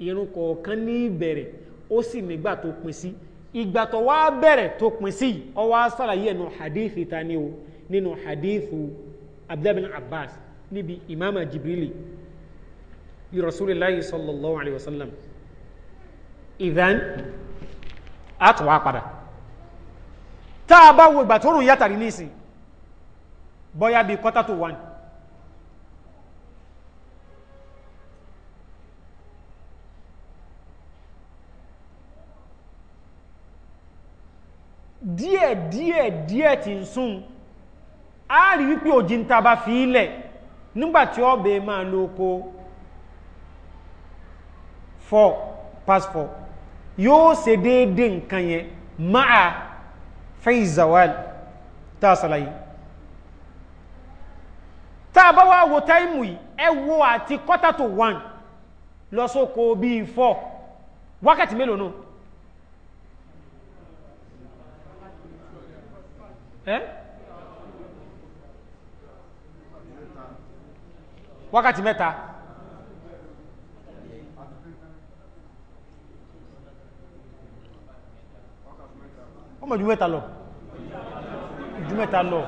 irun kọ̀ọ̀kan ní ìbẹ̀rẹ̀ ó sì nígbà tó pin sí ìgbà tó wá bẹ̀rẹ̀ tó pin sí ó wá sàlàyé ẹnu hadithi ta ni o nínú hadithu abdullahi abbas níbi imama jibrili bi rasulillahi sallallahu alaihi wasallam ìdán àtùwà padà tá a bá wo ìgbà tó rùn yàtàrí nísìn bọ́yá bí kọ́tà tó wà ní díẹ̀ díẹ̀ díẹ̀ tí ń sún a rí wípé òjì ń taba fi ilẹ̀ nígbàtí ọbẹ̀ máa lóko 4 past 4 yóò ṣe déédé nǹkan yẹn máa fẹ́ ìzàwàl tá a sàlàyé tá a bá wá wo táìmù yìí ẹ wo àti kọ́tà tó wàn lọ sóko bíi fọ́ wákàtí mélòó náà ẹ́ wákàtí mẹ́ta mọ̀ ju mẹ́ta lọ ju mẹ́ta lọ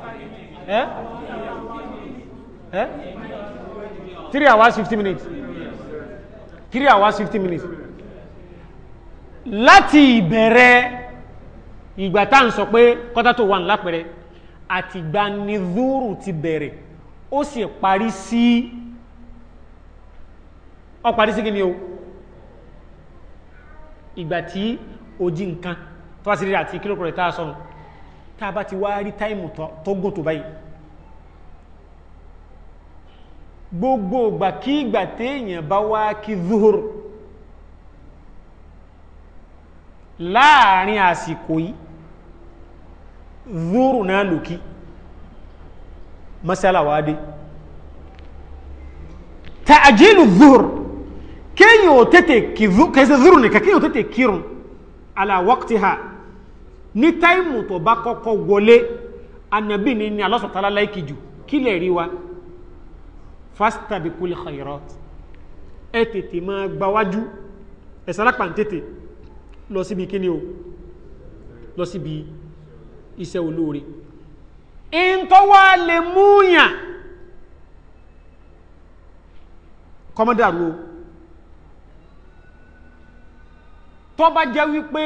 ẹ́ ẹ́ three hours fifty minutes three hours fifty minutes láti ìbẹ̀rẹ̀ ìgbà tá ń sọ pé quarter to one lápẹ̀rẹ̀ àtìgbà ni zúrù ti bẹ̀rẹ̀ ó sì parí sí ó parí sí kí o ìgbà tí ó nǹkan tó a sì rí àti kílò pẹ̀lú tá a sọnù tá a bá ti wá rí táìmù tó gùn tó báyìí gbogbo ìgbà kí ìgbà téèyàn bá wá kí zuhur láàrin àsìkò yìí zuhur náà lòkì masala wa zuhur kéèyàn ò tètè kírun ala waqtiha ní táìmù tó bá kọ́kọ́ wọlé anabi ni ni Allah ta'ala láìkì jù kí lè rí wa fastabiqul khairat ẹ tètè máa gbáwájú ẹ̀sárápà ń tètè lọ síbi kíni o lọ síbi iṣẹ́ olóore in lè múyàn kọmọdàrú o bá jẹ́ wípé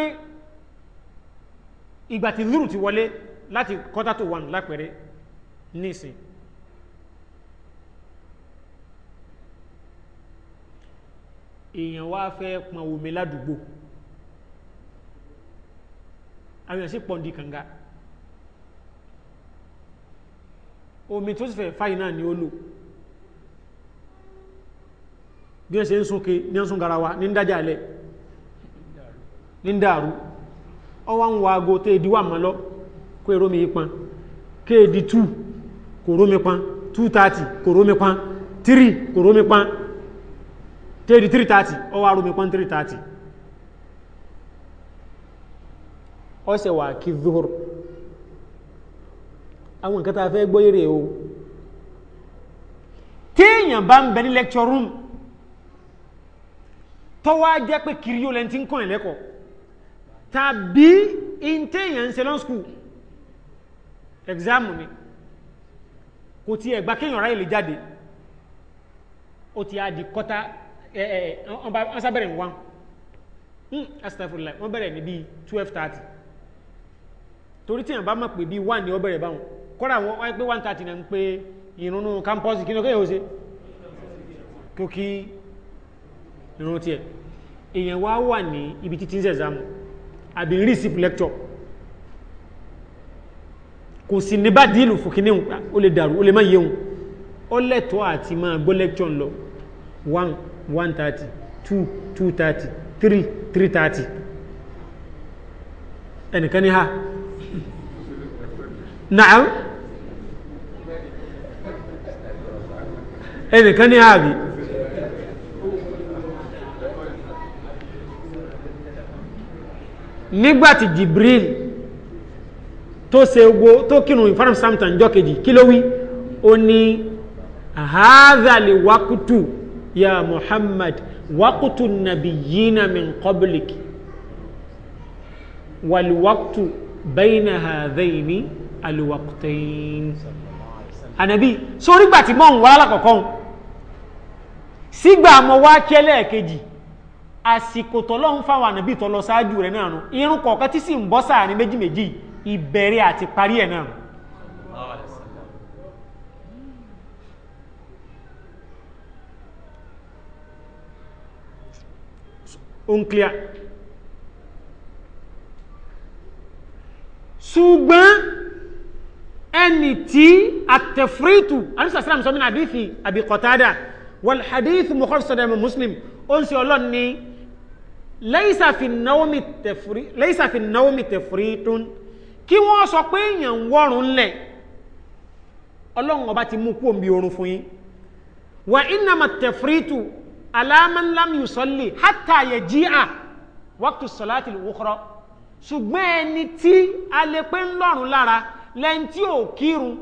ìgbà tí zuru ti wọlé láti quarter to one lápẹẹrẹ nísìn èèyàn wá fẹ́ pọn omi ládùúgbò àwọn èèyàn sì pọ̀ndì kànga omi tó sì fẹ́ fáyì náà ni ó lò bí wọ́n ṣe ń súnke ní ń sún garawa ní ń dájà alẹ́ ní ń dàrú ọwá ń wa aago tó èdí wà mọ́ lọ kó èrò mi pan kéèdì 2 kò rómi pan 230 kò rómi pan 3 kò rómi pan téèdì 330 ọwa rómi pan 330 ọ̀sẹ̀ wà kí zuhur àwọn nǹkan tá a fẹ́ gbóyèrè o téèyàn bá ń bẹ ní lecture room tọ́wọ́ á jẹ́ pé kiri yóò lẹ́ntí ń kọ́ ẹ̀lẹ́kọ̀ọ́ tàbí intéèyàn ń ṣe lọ́n skul exam ni kò ti ẹ̀gbá kéèyàn ráyè lè jáde ó ti á di kọ́tà ẹ̀ ẹ̀ wọ́n sábẹ̀rẹ̀ ní one hmm, astagfirullah wọ́n bẹ̀rẹ̀ ní bíi twelve thirty torí tíyàn bá mọ̀ pé bíi one ni wọ́n bẹ̀rẹ̀ báwọn kọ́ra wọn wáyé pé one thirty náà ń pé ìrúnnú campus kí ni ó kéèyàn ó ṣe kí ó kí ìrún tiẹ̀ èèyàn wá wà ní ibi títí ń ṣẹ̀zámù àbí receive lecture kò sí ní bá díìlù fún kíní ó lè dàrú ó lè má yéhun ó lẹ́tọ́ àti máa gbọ́ lecture lọ one one thirty two two thirty three three thirty ẹnìkan ní ha naam ẹnìkan ní ha bi. nígbàtí Jibril tó ṣe gbó tó kírun ìfọ́nàm samta njọ́ kejì kí ló wí ó ní haazali wakutu ya Muhammad wakutu nabiyina min qablik wal wakutu bayna haadhaini alwaqtain anabi sórí gbàtí mọ̀ ń lákọ̀ọ́kọ́ sígbà mọ̀ wá kẹ́lẹ́ kejì àsìkò tọ́lọ́hún fáwọn ànàbí tọ́lọ ṣáájú rẹ̀ náà nù irun kọ̀ọ̀kan tí sì ń bọ́ sáàrin méjì méjì ìbẹ̀rẹ̀ àti parí ẹ̀ náà unclear ṣùgbọ́n ẹni tí àtẹ̀fúrítù anúṣàṣírà mùsọ́mí àdífì àbí wal hadith mọ̀kọ́sọ̀dẹ̀mù muslim ó ń ṣe ọlọ́ni lẹ́yìísà fi náwó mi tẹ̀fúrí tún kí wọ́n sọ pé èèyàn ń wọ́rùn ńlẹ̀ ọlọ́run ọba ti mú kú òmbi orun fún yín wà ìnàmà tẹ̀fúrí tù aláàmánlámì sọ́lì hátà yẹ jí à wọ́kùtù sọ́láàtì lùwúkọ́rọ́ ṣùgbọ́n ẹni tí a lè pé ń lọ́rùn lára lẹ́yìn tí ò kírun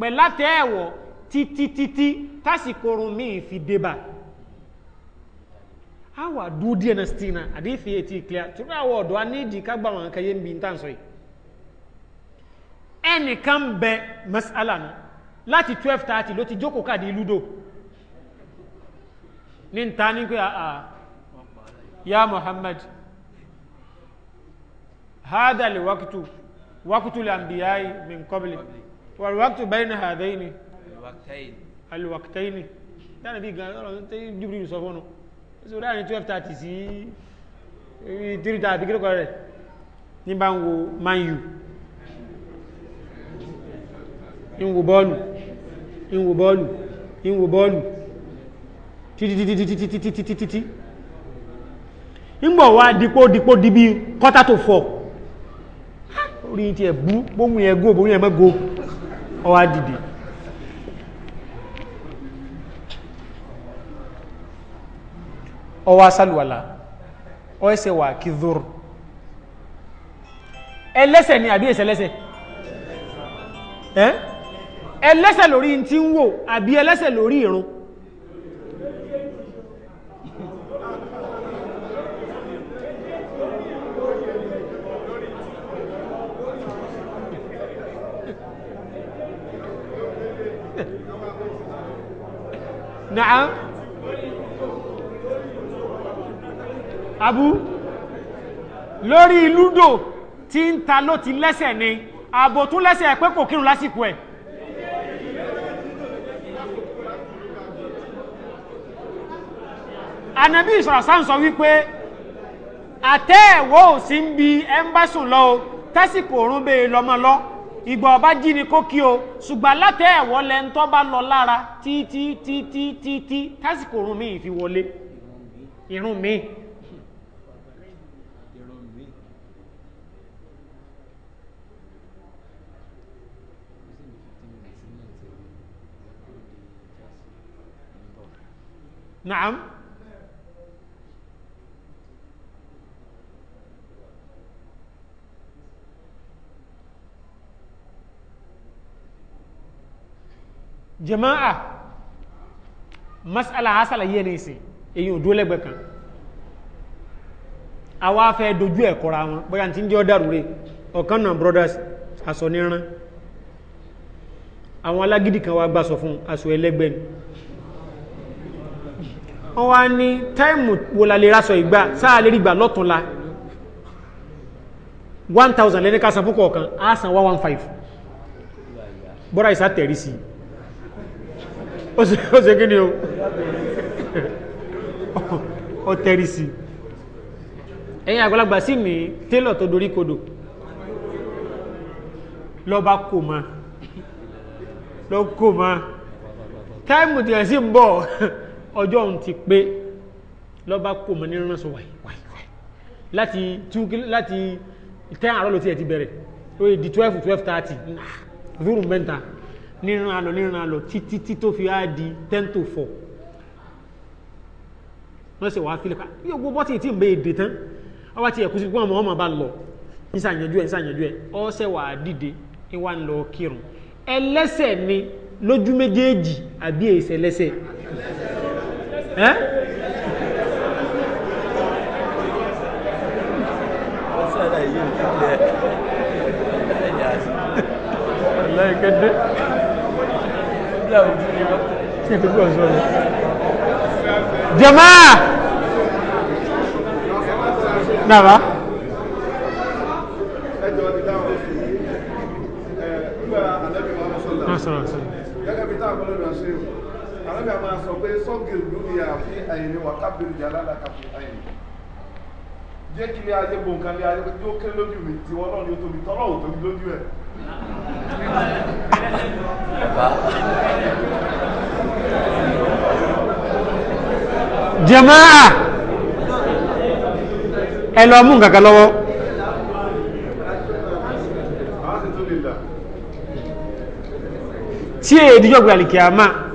pẹ̀látẹ́ ẹ̀wọ̀ títítítí tásìkò orun fi débà awa duudeɛ na stina adeɛ fie ti clear turu a wɔɔdo ane di ka gba wɔn ka yɛ mbi ntanso yi ɛne kan bɛ masala no láti twelve thirty ló ti jókòó káàdì ludo ní nta ní pé àà ya muhammad hada le wakutu wakutu le anbiyayi min kɔbili wàllu wakutu bayi na hadayi ni alwakutayi ni tani bi gan yɔrɔ tɛ jubiri sɔfɔnu so láàrin twelve thirty sí eh, three thirty kí ló kọ́ rẹ̀ ní bá ń wo man u ń wo bọ́ọ̀lù ń wo bọ́ọ̀lù ń wo bọ́ọ̀lù títítítítítítítítítítí ń bọ̀ wá dípò dípò dibí kọ́tà tó fọ̀ orí ti ẹ̀ bú bóhun yẹn gó bóhun yẹn mẹ́go ọwá dìde ọwọ́ asálùwàlà ọ ẹsẹ̀ wà kí zoro ẹlẹ́sẹ̀ ni àbí ẹsẹ̀lẹ́sẹ̀ ẹlẹ́sẹ̀ lórí tí ń wò àbí ẹlẹ́sẹ̀ lórí ìrun Na'am abú lórí lúdò tí ń ta ló ti lẹ́sẹ̀ ni ààbò tún lẹ́sẹ̀ pé kò kírun lásìkò ẹ̀ ànàbí ìṣọ̀rọ̀ sáà ń sọ wípé àtẹ́ẹ̀wọ́ ò sí ń bi ẹ́mbásùn lọ o tásìkò òrùn bẹ́ẹ̀ lọ́mọ lọ ìgbà ọba jí ni kó kí o ṣùgbọ́n látẹ́ẹ̀wọ́ lẹ́ńtọ́ bá lọ lára títí títí títí tásìkò òrùn mi fi wọlé irun mi. نعم jama'a masala asala yẹ ní ìsìn èyí ò dúró lẹ́gbẹ̀ẹ́ kan a wá fẹ́ dojú ẹ̀ kọ́ra wọn bóyá tí ń jẹ́ ọ́dàrú rẹ̀ ọ̀kan brothers aṣọ níran àwọn alágídí kan wá gbàsọ fún aṣọ ẹlẹ́gbẹ́ ni wọ́n wá ní táìmù wo la lè rásọ ìgbà sáà lè rí ìgbà lọ́túnla one thousand lẹ́ni ká san fún kọ̀ọ̀kan á san one one five bọ́ra ìsá tẹ̀rí sí ó ṣe kí ni o ó tẹ̀rí sí ẹ̀yìn àgbàlagbà sí mi télọ̀ tó dorí kodò lọ́ba kò mọ́ lọ́ kò mọ́ táìmù tẹ̀rí sí ń bọ̀ ọjọ́ òun ti pé lọ́ba kò mọ̀ ní ránṣọ wáyé wáyé láti túnkí láti tẹ́ àárọ̀ ló tiẹ̀ ti bẹ̀rẹ̀ ó yẹ di twelve twelve thirty zuru mẹ́ta níran àlọ́ níran àlọ́ títí tí tó fi á di ten to four wọ́n sì wá fílẹ̀ pa yóò gbọ́ bọ́tì tí ń bẹ èdè tán ọwọ́ ti ẹ̀kú sí pé ọmọ ọmọ bá lọ nísàyànjú ẹ̀ nísàyànjú ẹ̀ ọ̀sẹ̀ wà á dìde ní wà ń lọ kírun ẹlẹ́sẹ̀ ni lójú méjèèjì àbí èsẹ̀ lẹ́sẹ̀. Hein Vallahi kadde. Jama'a. Naba. Nasıl olsun? Gel bir tane böyle bir şey àwọn ẹ̀mí àmà sọ pé sọ́gìrì lórí àfi àyìnlẹ̀ wà kábìrì jàlá làkàfi àyìnlẹ̀ jẹ́ kí ilé ayé bo nǹkan lé ayé pé yóò kéré lójú mi tí wọ́n náà ni ó tóbi tọ́lọ́ ò tóbi lójú ẹ̀. jàmáà ẹ mú nǹkan lọ́wọ́. tí èdè jọ̀gbìn àlìkè àmà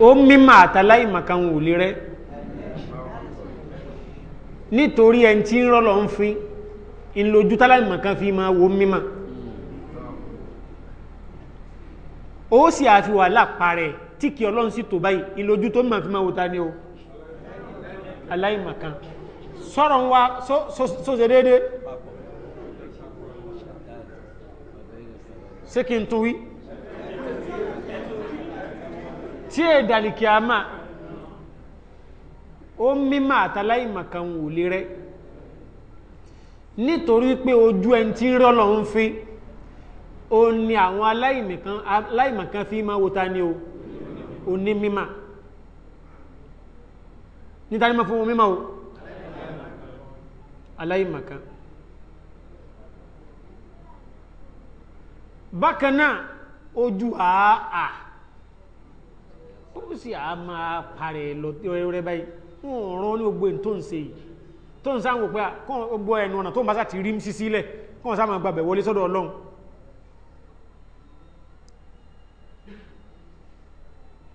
ó mímọ̀ àtàláì màkàn wò lè rẹ́ nítorí ẹni tí ń rọ́lọ̀ ń fi ń lójú táláì màkàn fi máa wo mímọ̀ ó sì àfihàn lápárẹ̀ tí kí ọlọ́run sì tó báyìí ìlójú tó máa fi máa wo ta ni o aláì màkàn sọ̀rọ̀ ń wá sóṣe déédéé ṣé kí n tún wí tí è dàlìkì àmà ó mímọ̀ àtàláìmọ̀kan ò lè rẹ́ nítorí pé ojú ẹni tí ń rọ́lọ̀ ń fi o ni àwọn aláìmọ̀kan fi máa wota ni o o ní mímọ̀ níta ni ma fún mímọ̀ o aláìmọ̀kan bákan náà ojú àá àá ó sì á máa parẹ́ lọ rẹ́rẹ́ báyìí wọn ò rán ní gbogbo tó ń se yìí tó ń sáwọn pé gbogbo ẹnu ọ̀nà tó ń bá sá ti rí sí sílẹ̀ kọ́ sáà máa gbàbẹ̀ wọlé sọ́dọ̀ ọlọ́run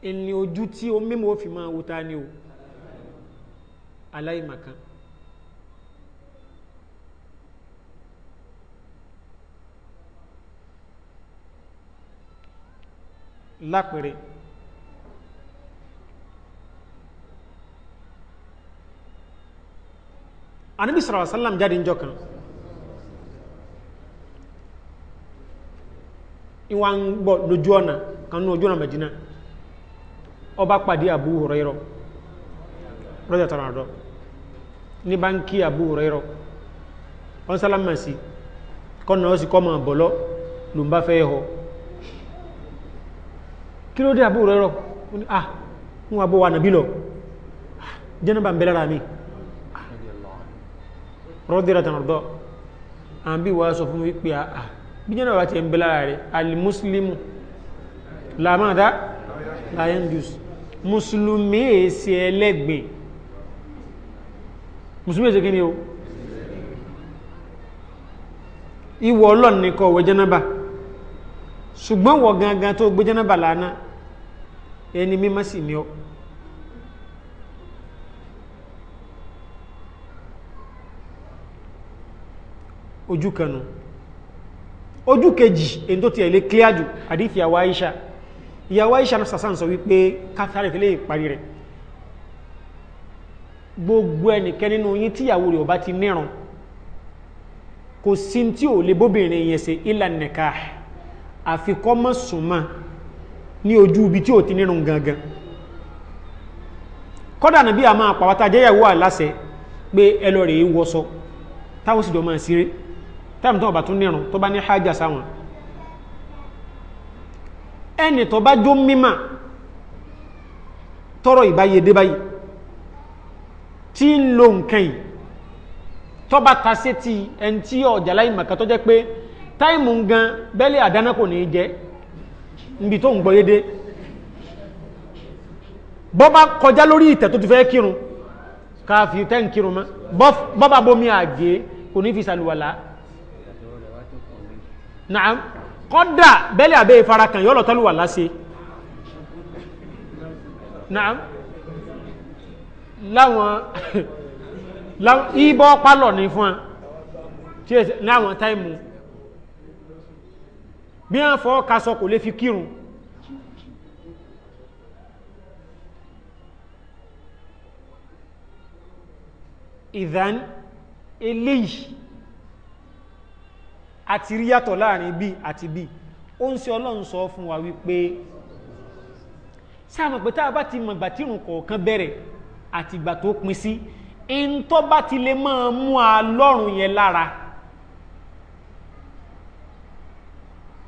ẹni ojú tí ó mímọ̀ fi máa wo ta ni o aláìmọ̀kan lápẹẹrẹ anabi sọ̀rọ̀ sálàm jáde ńjọ kan ìwà ń gbọ́ lójú ọ̀nà kan ní ojú ọ̀nà Mẹ́dínà ọba pàdé Abu Hurairah rọ́jà tọrọ àdọ́ ní bá ń Abu Hurairah wọ́n sálàm mà sí kọ́nà ó sì kọ́ bọ̀lọ́ ló ń bá fẹ́ họ kí ló dé Abu Hurairah ah ń wà bó wa nàbí lọ ah, rọ́dìrátànàdọ́ àbí wà sọ fún wípé àà bí jẹ́ náà ti ń bẹ́lára rẹ̀ alimuslimu lamada lion juice musulumi èsì ẹlẹ́gbẹ̀ musulmi èsì kíni o ìwọ ọlọ́n nìkan ọ̀wẹ́ jẹ́nàbà ṣùgbọ́n wọ̀ gangan tó gbé jẹ́nàbà lánàá ẹni mímọ́ sí ni ọ́ ojú kanu ojú kejì èyí tó ti ẹ̀lé clear jù àdífì àwọ àìṣà ìyàwó àìṣà náà sàsán sọ wípé káfíárì fílẹ̀ ìparí rẹ̀ gbogbo ẹnìkẹ́ nínú yín tíyàwó rẹ̀ ọba ti níran kò sí tí ò lè bóbìnrin yẹn ṣe ìlà nìka àfikọ́ mọ́ súnmọ́ ní ojú ibi tí ò ti nírun gangan kọ́dà nàbí àmà àpàwátá jẹ́yàwó àláṣẹ pé ẹlọ́rẹ̀ wọ́sọ táwọn sì jọ máa ṣeré táìmù tó bá tún nírun tó bá ní hajj sáwọn ẹni tó bá jó mímà tọrọ ìbáyé dé báyìí tí ń lo nǹkan yìí bá ta sí ti ẹni tí ọ̀jà láì màkà tó jẹ́ pé táìmù gan bẹ́lẹ̀ àdáná kò ní jẹ́ níbi tó ń gbọ́ yédé bọ́ bá kọjá lórí ìtẹ̀ tó ti fẹ́ kírun káàfi tẹ́ mọ́ bọ́ bá bomi àgé kò ní fi sàlùwàlá naam kọ́dà bẹ́lẹ̀ àbẹ́ ìfara kan yọ́lọ̀ tọ́lù wà láṣẹ naam láwọn ibọ́ pálọ̀ ní fún wọn tí èsì láwọn táìmù bí wọ́n fọ́ kasọ kò fi kírun ìdán eléyìí àti rí yàtọ̀ láàrin bí àti bí ó ń ṣe ọlọ́run sọ fún wa wípé sáàmù pé tá a bá ti mọ̀ ìgbà tí ìrùn kọ̀ọ̀kan bẹ̀rẹ̀ àti ìgbà tó pin sí ìntọ́ bá ti lè máa mú a lọ́rùn yẹn lára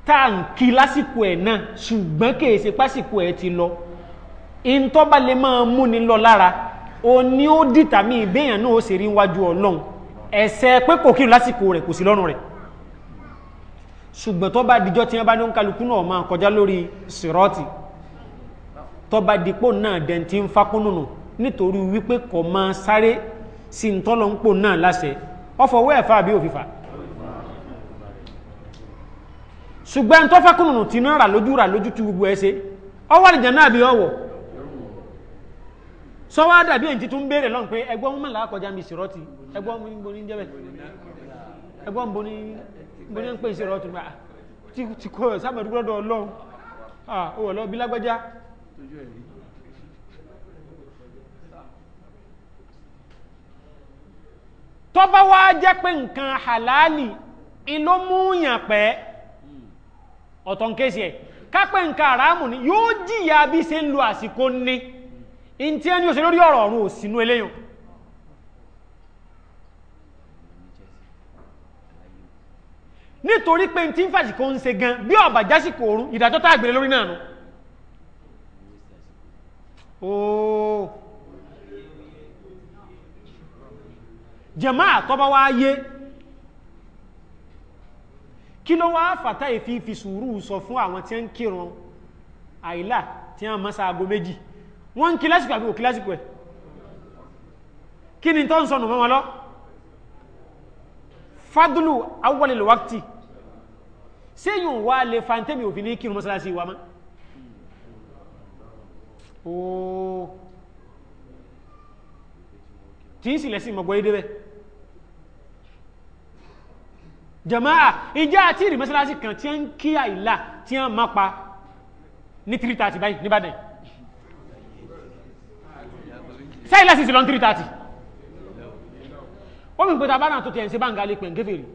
tá à ń kí lásìkò ẹ̀ náà ṣùgbọ́n kìí ṣe pásìkò ẹ̀ ti lọ ìntọ́ bá lè máa mú ni lọ lára o ní ó dìtàmí ìbéèyàn náà ó sì rí wájú ọlọ́run ẹ̀sẹ̀ pé kò kí lásìkò rẹ̀ kò sí lọ́rùn rẹ̀ ṣùgbọ́n tó bá dijọ́ tí wọ́n bá ní kálukú náà máa kọjá lórí sírọ́ọ̀tì tó bá dipò náà dẹ̀ntì ń fakúnnù nítorí wípé kò máa sáré sí ń tọ́lọ ń pò náà láṣẹ ọfọ̀ wẹ́ ẹ̀fà àbí òfìfà ṣùgbọ́n tó fakúnnù tí náà rà lójú rà lójú tí gbogbo ẹ ṣe ọwọ́ àlìjẹ náà bí ọwọ́ sọwọ́ dàbí ẹ̀ǹtí tún béèrè lọ́n pé ẹgbọ́n mọ́lá kọjá mi sírọ́ọ̀tì ẹgbọ́n mi mo ní ń pè ìṣòro ọ̀tún tí kò sáàmù ẹ̀dúgbò lọ́dọ̀ ọlọ́run ó wọ̀ lọ bí lágbájá tó bá wá jẹ́ pé nǹkan halali ìlú múyàn pẹ́ ọ̀tọ̀ nkéṣì ẹ̀ kápẹ́ nǹkan àràmù ni yóò jìyà bí ṣe ń lo àsìkò ní in ẹni òṣèlórí ọ̀rọ̀ ọ̀run òsìnú eléyàn nítorí pé tí ń fàṣìkò ń ṣe gan bí ọ̀bà jásìkò oorun ìdájọ́ tá àgbèrè lórí náà nù ooo jẹ̀má àtọ́bá wá yé kí ló wá fàtà ìfi fi sùúrù sọ fún àwọn tí ń kírun àìlà tí wọ́n mọ́sá aago méjì wọ́n ń kí àbí òkí ẹ̀ kí ni tó ń sọnù mọ́ wọn lọ fadlu awwalil sẹ́yìn wà lè fàntẹ́mì òfin ní kírun mọ́sálásí wa mọ́ ooo tí ń sì lẹ́sìn mọ̀gbọ́ ìdẹ́bẹ̀ jama'a ìjá àti ìrì mọ́sálásí kan tí ń kí àìlà tí ń mapa ní 330 báyìí níbàdàn sẹ́yìn lẹ́sìn sí lọ 330 wọ́n mi pẹ̀ta bá náà tó tẹ̀ se bá ń galé pẹ̀